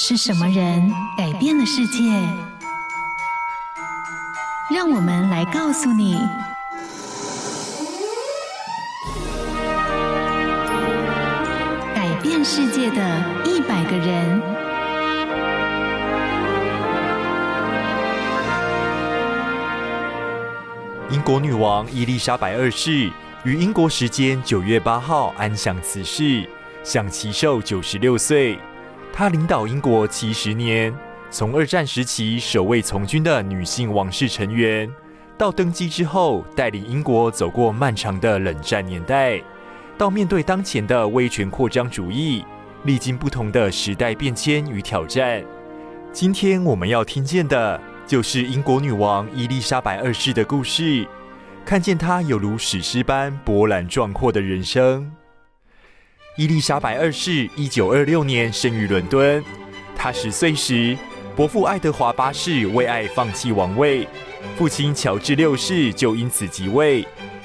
是什麼人改變了世界？世界讓我們來告訴你：改變世界的一百個人。英國女王伊莉莎白二世於英國時間九月八號安詳辭世，享耆壽九十六歲。她領導英國七十年，從二戰時期首位從軍的女性王室成員，到登基之後帶領英國走過漫長的冷戰年代，到面對當前的威權擴張主義，歷經不同的時代變遷與挑戰。今天我們要聽見的就是英國女王伊麗莎白二世的故事，看見她有如史詩般波瀾壯闊的人生。伊麗莎白二世一九二六年生於倫敦。她十歲時，伯父愛德華八世為愛放棄王位，父親喬治六世就因此即位，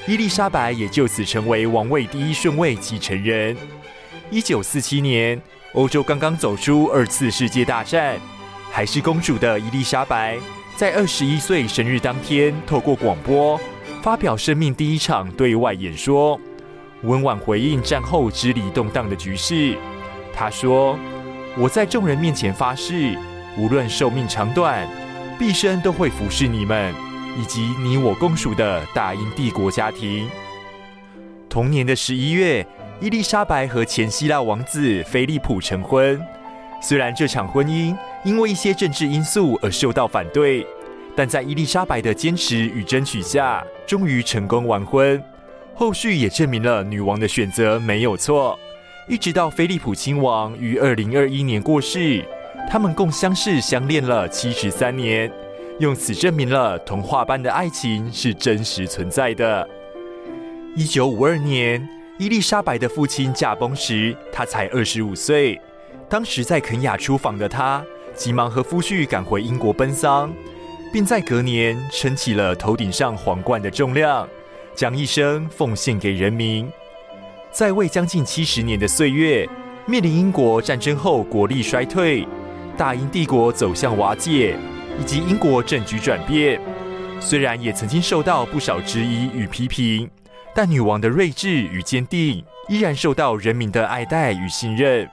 伊麗莎白也就此成為王位第一順位繼承人。一九四七年，歐洲剛剛走出二次世界大戰，還是公主的伊麗莎白，在二十一歲生日當天，透過廣播發表生命第一場對外演說。溫婉回應戰後支離動盪的局勢。她說：“我在眾人面前發誓，無論壽命長短，畢生都會服侍你們以及你我共屬的大英帝國家庭。”同年的十一月，伊麗莎白和前希臘王子菲利普成婚。雖然這場婚姻因為一些政治因素而受到反對，但在伊麗莎白的堅持與爭取下，終於成功完婚。後續也證明了女王的選擇沒有錯。一直到菲利普親王於二零二一年過世，他們共相識相戀了七十三年，由此證明了童話般的愛情是真實存在的。一九五二年，伊麗莎白的父親駕崩時，她才二十五歲。當時在肯亞出訪的她，急忙和夫婿趕回英國奔喪，並在隔年撐起了頭頂上皇冠的重量。將一生奉獻給人民，在位將近七十年的歲月，面臨英國戰爭後國力衰退、大英帝國走向瓦解以及英國政局轉變，雖然也曾經受到不少質疑與批評，但女王的睿智與堅定依然受到人民的愛戴與信任。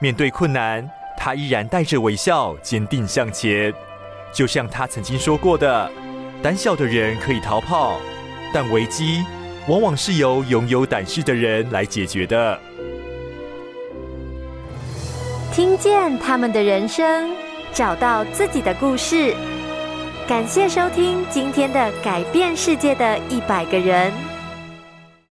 面對困難，她依然帶着微笑，堅定向前。就像她曾經說過的：“膽小的人可以逃跑。”但危機，往往是由擁有膽識的人來解決的。聽見他們的人生，找到自己的故事。感謝收聽今天的改變世界的一百個人。